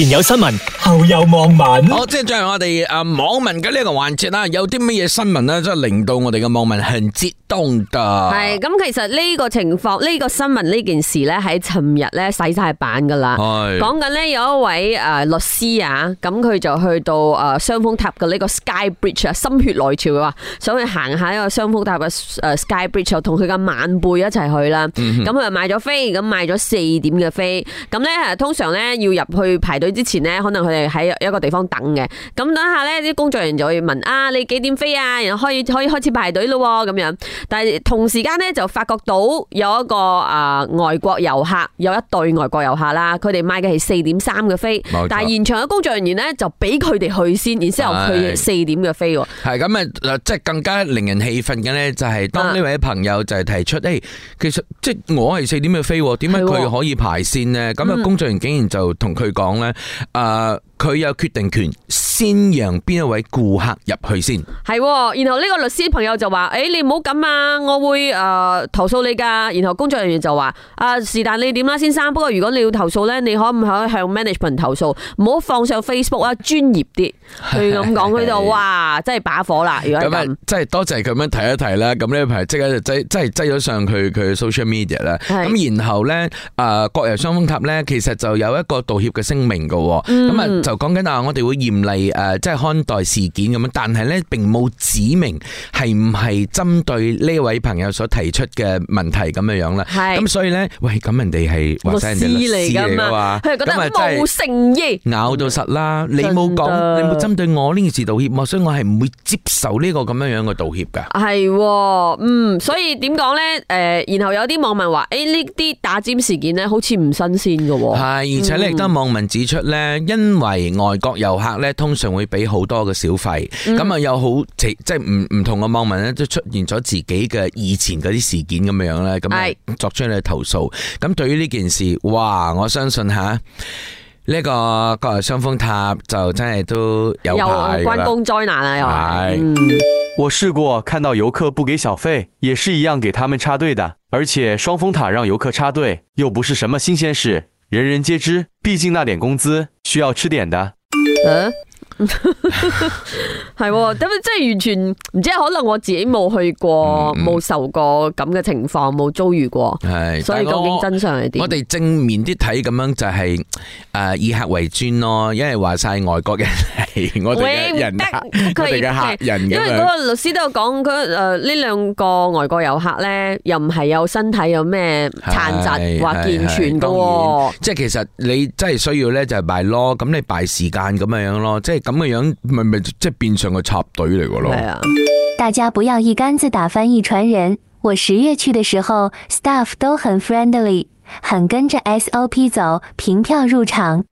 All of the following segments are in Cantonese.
前有新聞，後有網民。好，即係進入我哋誒網民嘅呢一個環節啦。有啲乜嘢新聞咧，即係令到我哋嘅網民係激動噶。係咁，其實呢個情況，呢個新聞，呢件事咧喺尋日咧洗晒版噶啦。係講緊咧有一位誒律師啊，咁佢就去到誒雙峰塔嘅呢個 Sky Bridge 啊，心血來潮嘅話，想去行下呢個雙峰塔嘅誒 Sky Bridge，同佢嘅晚輩一齊去啦。咁佢又買咗飛，咁買咗四點嘅飛。咁咧通常咧要入去排隊。之前呢，可能佢哋喺一個地方等嘅，咁等下呢，啲工作人員就會問：啊，你幾點飛啊？然後可以可以開始排隊咯，咁樣。但係同時間呢，就發覺到有一個啊、呃、外國遊客，有一對外國遊客啦，佢哋買嘅係四點三嘅飛，但係現場嘅工作人員呢，就俾佢哋去先，然之後佢四點嘅飛。係咁啊，即係更加令人氣憤嘅呢，就係當呢位朋友就係提出：誒、啊，其實即係我係四點嘅飛，點解佢可以排先呢？」咁啊，工作人員竟然就同佢講呢。啊，佢有決定權。先讓邊一位顧客入去先，係，然後呢個律師朋友就話：，誒，你唔好咁啊，我會誒、呃、投訴你噶。然後工作人員就話：，啊，是但你點啦，先生。不過如果你要投訴咧，你可唔可以向 management 投訴？唔好放上 Facebook 啊，專業啲。佢咁講佢就說，哇，真係把火啦。咁啊，真係多謝佢咁樣提一提啦。咁呢排即刻即即係擠咗上佢佢 social media 啦。咁然後咧，誒、呃，國油雙峰塔咧，其實就有一個道歉嘅聲明噶。咁啊，就講緊啊，我哋會嚴厲。誒、啊，即係看待事件咁樣，但係咧並冇指明係唔係針對呢位朋友所提出嘅問題咁樣樣啦。咁所以咧，喂，咁人哋係律師嚟噶嘛？佢係覺得冇誠意，咬到實啦、嗯。你冇講，你冇針對我呢件事道歉嘛？所以我係唔會接受呢個咁樣樣嘅道歉噶。係，嗯，所以點講咧？誒、呃，然後有啲網民話：，誒、哎，呢啲打尖事件咧，好似唔新鮮噶。係，而且亦都有網民指出咧，因為外國遊客咧，通。常會俾好多嘅小費，咁啊有好即即唔唔同嘅網民咧，都出現咗自己嘅以前嗰啲事件咁樣咧，咁啊作出嚟投訴。咁對於呢件事，哇！我相信吓呢、這個個雙峰塔就真係都有排關公災難啦，係。嗯、我試過看到遊客不給小費，也是一樣給他們插隊的。而且雙峰塔讓遊客插隊又不是什麼新鮮事，人人皆知。畢竟那點工資需要吃點的，嗯、啊。係咁即係完全唔知，可能我自己冇去過，冇、嗯、受過咁嘅情況，冇、嗯、遭遇過，所以究竟真相係點？我哋正面啲睇咁樣就係、是、誒、呃、以客為尊咯，因為話晒外國嘅我哋嘅人，我哋客，okay, 我哋嘅客人，因為嗰個律師都有講，佢誒呢兩個外國遊客咧，又唔係有身體有咩殘疾或健全嘅，即係其實你真係需要咧就係賣咯，咁你排時間咁樣樣咯，即係。咁嘅樣咪咪即係變成個插隊嚟嘅咯。係啊，大家不要一竿子打翻一船人。我十月去嘅時候，staff 都很 friendly，很跟着 SOP 走，憑票入場。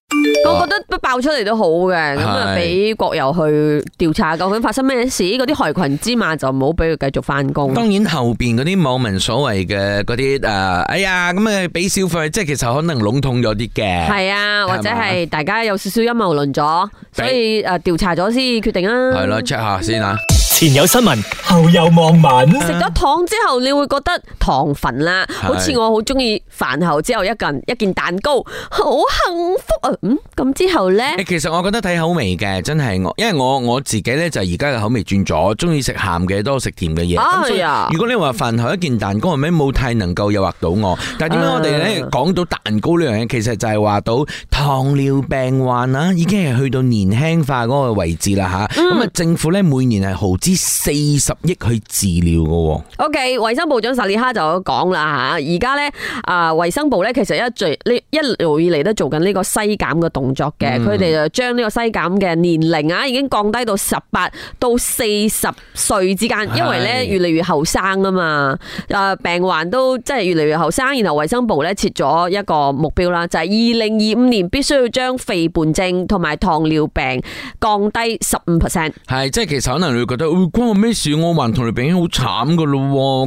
我覺得爆出嚟，都好嘅，咁啊俾國油去調查究竟發生咩事，嗰啲害群之馬就唔好俾佢繼續翻工。當然後邊嗰啲網民所謂嘅嗰啲誒，哎呀咁啊俾小費，即係其實可能籠統咗啲嘅。係啊，或者係大家有少少陰謀論咗，所以誒調、啊、查咗先決定啊。係咯，check 下先啊。前有新聞，後有網民。食咗、啊、糖之後你會覺得糖分啦，好似我好中意飯後之後一人一件蛋糕，好幸福啊！嗯，咁之後咧？其實我覺得睇口味嘅，真係我，因為我我自己咧就而家嘅口味轉咗，中意食鹹嘅，多食甜嘅嘢。呀、啊啊！如果你話飯後一件蛋糕，係咪冇太能夠誘惑到我？但係點解我哋咧講到蛋糕呢樣嘢，其實就係話到糖尿病患啊，已經係去到年輕化嗰個位置啦吓。咁、嗯、啊，政府咧每年係耗資四十億去治療噶。O K，衛生部長薩利哈就講啦吓，而家咧啊，衛、呃、生部咧其實一最呢一路以嚟都做緊呢個西甲。減嘅動作嘅，佢哋就將呢個篩減嘅年齡啊，已經降低到十八到四十歲之間，因為咧越嚟越後生啊嘛，誒病患都真係越嚟越後生。然後衛生部咧設咗一個目標啦，就係二零二五年必須要將肥胖症同埋糖尿病降低十五 percent。係，即係其實可能你會覺得，哎，關我咩事？我患糖尿病已經好慘噶啦，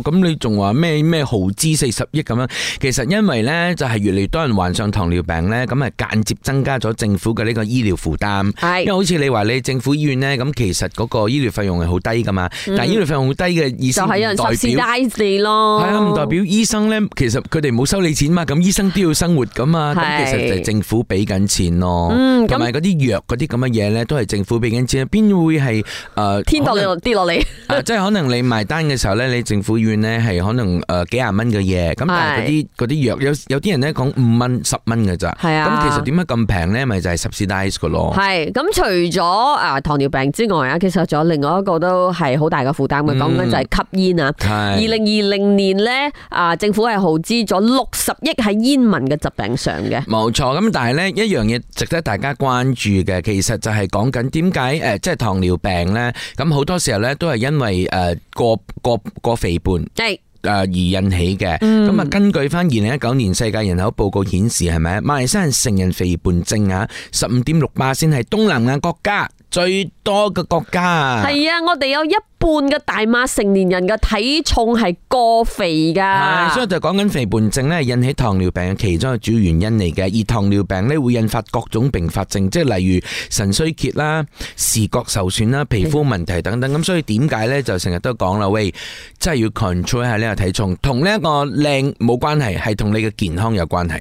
咁你仲話咩咩豪資四十億咁樣？其實因為咧就係越嚟越多人患上糖尿病咧，咁啊間接，就係增加咗政府嘅呢個醫療負擔，因為好似你話你政府醫院呢，咁，那那啊、那其實嗰個醫療費用係好低噶嘛，但係醫療費用好低嘅意思就係有人代士低你咯，係啊，唔代表醫生咧，其實佢哋冇收你錢嘛，咁醫生都要生活噶嘛。咁其實就係政府俾緊錢咯，同埋嗰啲藥嗰啲咁嘅嘢咧，都係政府俾緊錢，邊會係誒天降跌落嚟？即係可能你埋單嘅時候咧，你政府醫院呢，係可能誒幾廿蚊嘅嘢，咁但係嗰啲嗰啲藥有有啲人咧講五蚊十蚊噶咋，係啊，咁其實點解咁？咁平咧，咪就係、是、subsidise 咯。係咁，除咗啊糖尿病之外啊，其實仲有另外一個都係好大嘅負擔嘅，講、嗯、緊就係吸煙啊。係。二零二零年咧啊，政府係耗資咗六十億喺煙民嘅疾病上嘅。冇錯，咁但係咧一樣嘢值得大家關注嘅，其實就係講緊點解即係糖尿病咧，咁好多時候咧都係因為誒過，過，過肥胖。係。誒而引起嘅，咁啊根據翻二零一九年世界人口報告顯示，係咪啊？馬來西亞成人肥胖症啊，十五點六八，先係東南亞國家最多嘅國家啊！係啊，我哋有一。半嘅大碼成年人嘅體重係過肥噶、啊啊，所以就講緊肥胖症咧，引起糖尿病嘅其中一個主要原因嚟嘅。而糖尿病咧會引發各種併發症，即係例如腎衰竭啦、視覺受損啦、皮膚問題等等。咁所以點解咧就成日都講啦，喂，真係要 control 下呢個體重，同呢一個靚冇關係，係同你嘅健康有關係。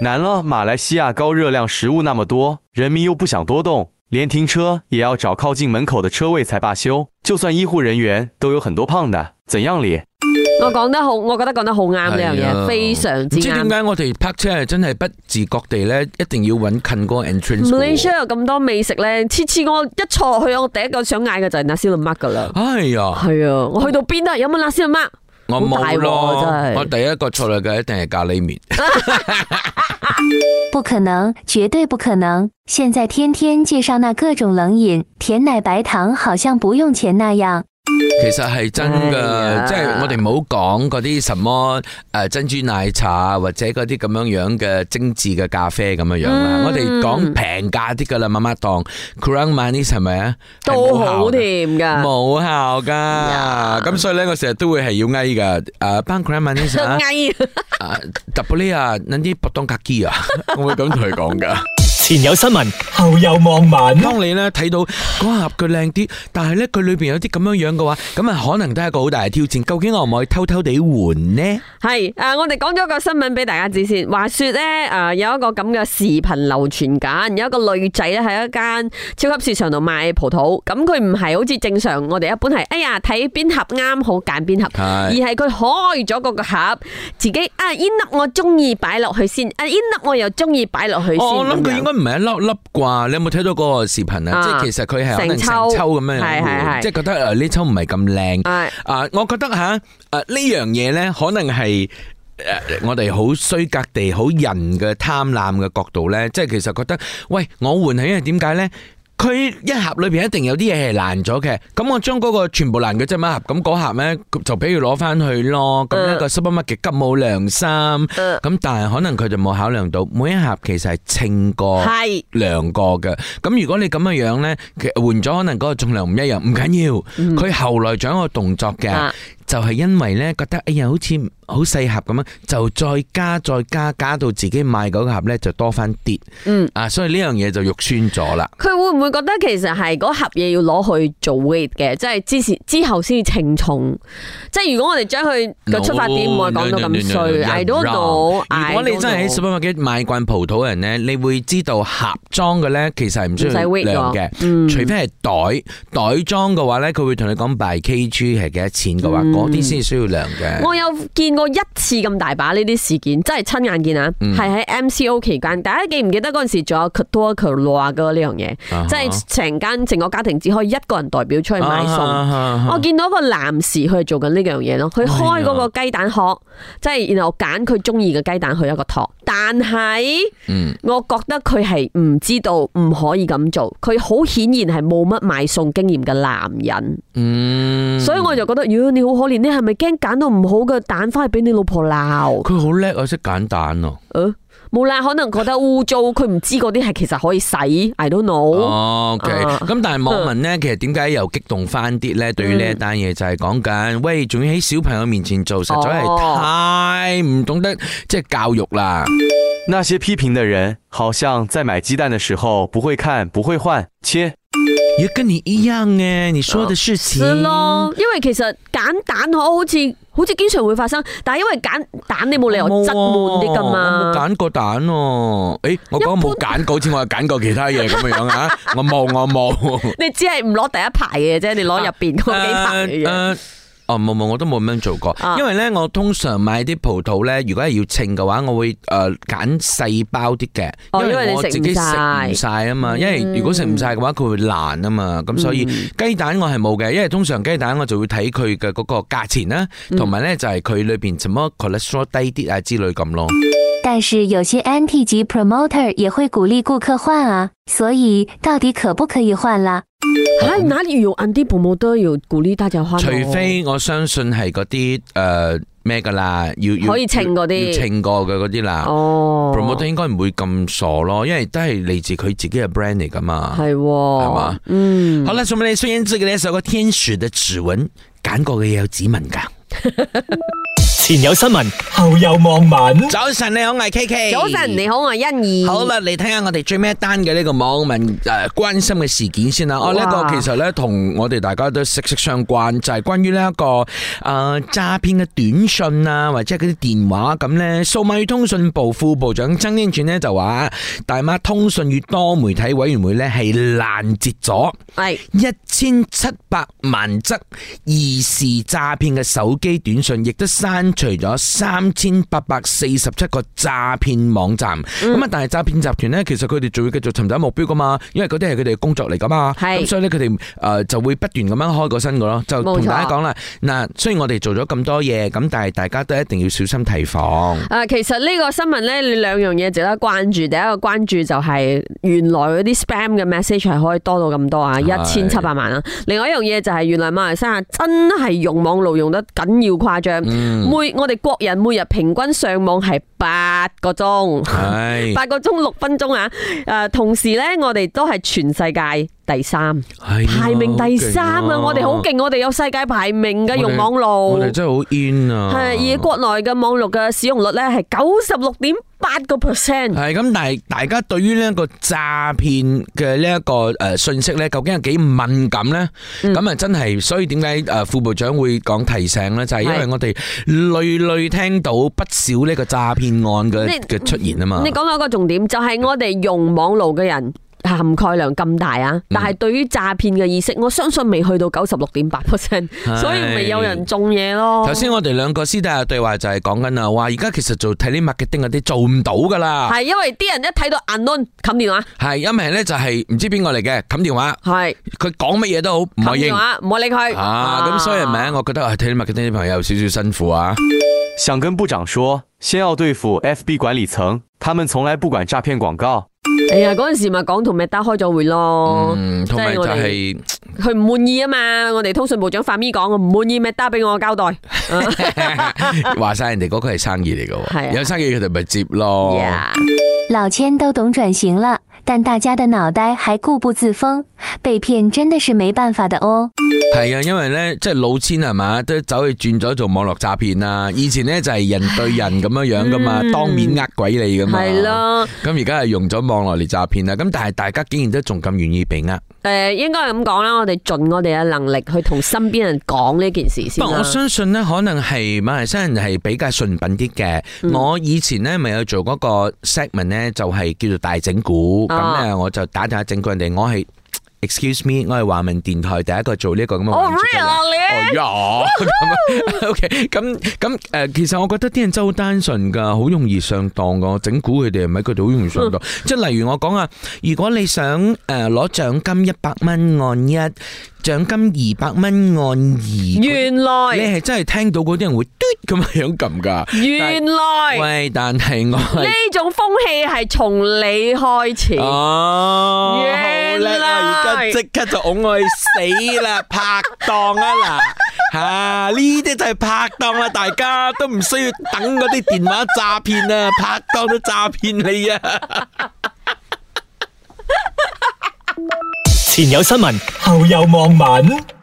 難咯，馬來西亞高熱量食物那麼多，人民又不想多動。連停車也要找靠近門口的車位才罷休，就算醫護人員都有很多胖的，怎樣理？我講得好，我覺得講得好啱呢樣嘢，非常之啱。唔知點解我哋泊車係真係不自覺地咧，一定要揾近個 entrance。Malaysia 有咁多美食咧，次次我一坐落去，我第一個想嗌嘅就係 Nasi lemak 噶啦。哎呀、啊，係、嗯、啊，我去到邊都係有冇 Nasi lemak？我冇咯，我第一個出嚟嘅一定係咖喱麵。不可能，絕對不可能！現在天天介紹那各種冷飲、甜奶、白糖，好像不用錢那樣。其實係真噶，即、哎、係、就是、我哋唔好講嗰啲什麼誒珍珠奶茶或者嗰啲咁樣樣嘅精緻嘅咖啡咁樣樣啦，我哋講平價啲噶啦，媽媽檔 kurang manis 係咪啊？都好甜噶，冇效噶，咁所以咧，我成日都會係要嗌噶，誒，班 kurang manis 啊，嗌啊，Double y 啲 Potong Kaki 啊， 我會咁同佢講噶。 前有新聞，後有網民。當你咧睇到嗰盒佢靚啲，但係咧佢裏邊有啲咁樣樣嘅話，咁啊可能都係一個好大嘅挑戰。究竟我可唔可以偷偷地換呢？係誒，我哋講咗個新聞俾大家知先。話說咧誒，有一個咁嘅視頻流傳緊，有一個女仔咧喺一間超級市場度買葡萄。咁佢唔係好似正常，我哋一般係哎呀睇邊盒啱好揀邊盒，而係佢開咗嗰個盒，自己啊呢粒我中意擺落去先，啊呢粒我又中意擺落去先。我諗佢應該。唔係一粒粒啩？你有冇睇到嗰個視頻啊、嗯？即係其實佢係可能成抽咁樣，即係覺得誒呢抽唔係咁靚。啊、呃呃呃，我覺得吓誒、呃這個、呢樣嘢咧，可能係誒、呃、我哋好衰格地好人嘅貪婪嘅角度咧，即係其實覺得喂，我換，因為點解咧？佢一盒裏邊一定有啲嘢係爛咗嘅，咁我將嗰個全部爛嘅即係一盒，咁嗰盒咧就俾佢攞翻去咯，咁呢個 Supermarket 咁冇良心，咁但係可能佢就冇考量到每一盒其實係稱過、量過嘅，咁如果你咁嘅樣咧，換咗可能嗰個重量唔一樣，唔緊要，佢後來掌握動作嘅。就係、是、因為咧覺得哎呀，好似好細盒咁樣，就再加再加，加到自己買嗰個盒咧就多翻啲。嗯啊，所以呢樣嘢就肉酸咗啦。佢會唔會覺得其實係嗰盒嘢要攞去做 weight 嘅，即係之前之後先至稱重？即係如果我哋將佢個出發點唔會講到咁衰，挨到嗰度。如果我哋真係喺 supermarket 買慣葡萄人咧，你會知道盒裝嘅咧其實唔需要 weight 嘅，除非係袋袋裝嘅話咧，佢會同你講 by kg 係幾多錢嘅話。啲先需要量嘅。我有見過一次咁大把呢啲事件，真係親眼見啊！係喺 MCO 期間，大家記唔記得嗰陣時仲有多 Cuticle Lock 呢樣嘢？即係成間成個家庭只可以一個人代表出去買餸、啊啊啊。我見到一個男士佢係做緊呢樣嘢咯，佢開嗰個雞蛋殼，即係然後揀佢中意嘅雞蛋去一個托，但係我覺得佢係唔知道唔可以咁做，佢好顯然係冇乜買餸經驗嘅男人。嗯，所以我就覺得，如、呃、果你好我連你係咪驚揀到唔好嘅蛋翻去俾你老婆鬧？佢好叻啊，識揀蛋啊。啊，冇、嗯、啦，可能覺得污糟，佢 唔知嗰啲係其實可以洗。I don't know。OK 咁但係網民呢，其實點解又激動翻啲呢？對於呢一單嘢就係講緊，喂，仲要喺小朋友面前做，實在係太唔懂得，哦、即係教育啦。那些批評的人，好像在買雞蛋的時候不會看，不會換，切。也跟你一樣誒、啊，你說的事情。哦、咯，因為其實揀蛋可好似好似經常會發生，但係因為揀蛋你冇理由真慢啲㗎嘛。我冇揀、啊、過蛋、啊，誒、欸，我講冇揀過，好 似我係揀過其他嘢咁樣啊。我冇，我冇。你只係唔攞第一排嘅啫，你攞入邊嗰幾排哦，冇冇，我都冇咁樣做過。啊、因為咧，我通常買啲葡萄咧，如果係要稱嘅話，我會誒揀細包啲嘅，哦，因為我自己食唔晒啊嘛。因為如果食唔晒嘅話，佢會爛啊嘛。咁、嗯、所以雞蛋我係冇嘅，因為通常雞蛋我就會睇佢嘅嗰個價錢啦，同埋咧就係佢裏邊什麼 cholesterol 低啲啊之類咁咯。但是有些 anti 級 promoter 也會鼓勵顧客換啊，所以到底可不可以換啦？吓，嗱你要暗啲 promo 都要鼓勵大家開？除非我相信係嗰啲誒咩噶啦，要，要可以稱嗰啲稱過嘅嗰啲啦。哦，promo 應該唔會咁傻咯，因為都係嚟自佢自己嘅 brand 嚟噶嘛。係係嘛，嗯。好啦，上面李雙影子嘅咧，一首《個天使的指紋》，揀過嘅嘢有指紋噶。 前有新聞，後有網民。早晨你好，我係 KK。早晨你好，我係欣怡。好啦，嚟睇下我哋最尾一單嘅呢個網民誒，關心嘅事件先啦。哦，呢、這個其實呢，同我哋大家都息息相關，就係、是、關於呢、這、一個誒、呃、詐騙嘅短信啊，或者嗰啲電話咁咧。數碼通訊部副部長曾英柱呢，就話大馬通訊與多媒體委員會呢係攔截咗係一千七百萬則疑似詐騙嘅手機。機短信亦都刪除咗三千八百四十七個詐騙網站，咁、嗯、啊，但係詐騙集團呢，其實佢哋仲會繼續尋找目標噶嘛，因為嗰啲係佢哋嘅工作嚟噶嘛，咁所以呢，佢哋誒就會不斷咁樣開個新噶咯，就同大家講啦，嗱，雖然我哋做咗咁多嘢，咁但係大家都一定要小心提防。誒，其實呢個新聞呢，你兩樣嘢值得關注，第一個關注就係原來嗰啲 spam 嘅 message 係可以多到咁多啊，一千七百萬啊，另外一樣嘢就係原來馬來西亞真係用網路用得緊。要誇張，每我哋國人每日平均上網係八個鐘，八 個鐘六分鐘啊！誒，同時咧，我哋都係全世界。第三排名第三啊！我哋好勁，我哋有世界排名嘅用網路，我哋真係好 in 啊！係而國內嘅網絡嘅使用率咧係九十六點八個 percent。係咁，但係大家對於呢一個詐騙嘅呢一個誒信息咧，究竟係幾敏感咧？咁啊，真係，所以點解誒副部長會講提醒咧？就係因為我哋屢屢聽到不少呢個詐騙案嘅嘅出現啊嘛！你講到一個重點，就係我哋用網路嘅人。涵蓋量咁大啊！但係對於詐騙嘅意識，我相信未去到九十六點八 percent，所以咪有人中嘢咯。頭先我哋兩個私底下對話就係講緊啊，話而家其實做 telemarketing 嗰啲做唔到噶啦。係因為啲人一睇到 unknown 冚電話，係因為咧就係唔知邊個嚟嘅冚電話，係佢講乜嘢都好唔可以回應，冇理佢。啊，咁、啊、所以係咪我覺得啊，telemarketing 啲朋友有少少辛苦啊。想跟部長說，先要對付 FB 管理層，他們從來不管詐騙廣告。哎呀，嗰陣時咪講同麥德開咗會咯，嗯，同埋就係佢唔滿意啊嘛，我哋通訊部長發咪講我唔滿意麥德俾我交代，話 晒 人哋嗰個係生意嚟噶，係、啊、有生意佢哋咪接咯。Yeah. 老千都懂轉型啦。但大家的腦袋還固步自封，被騙真的是沒辦法的哦。係啊，因為呢，即係老千係嘛，都走去轉咗做網絡詐騙啦。以前呢，就係、是、人對人咁樣樣噶嘛、嗯，當面呃鬼你噶嘛。係咯。咁而家係用咗網絡嚟詐騙啦。咁但係大家竟然都仲咁願意被呃？誒，應該係咁講啦。我哋盡我哋嘅能力去同身邊人講呢件事先。我相信呢，可能係馬來西亞人係比較順品啲嘅、嗯。我以前呢，咪有做嗰個 segment 呢，就係、是、叫做大整蠱。咁、啊、咧，我就打打整鬼人哋，我係 excuse me，我係華文電台第一個做、這個做呢個咁嘅活動嘅。哦 really 哦，咁 OK 咁咁誒，其實我覺得啲人真係好單純㗎，好容易上當㗎。我整蠱佢哋，唔係佢哋好容易上當。即係 例如我講啊，如果你想誒攞、呃、獎金一百蚊，按一。獎金二百蚊按二，原來你係真係聽到嗰啲人會嘟咁樣咁噶。原來喂，但係我呢種風氣係從你開始。哦，好叻 啊！而家即刻就拱我去死啦，拍檔啊嗱，吓呢啲就係拍檔啦，大家都唔需要等嗰啲電話詐騙啊，拍檔都詐騙你啊！ 前有新聞，後有網民。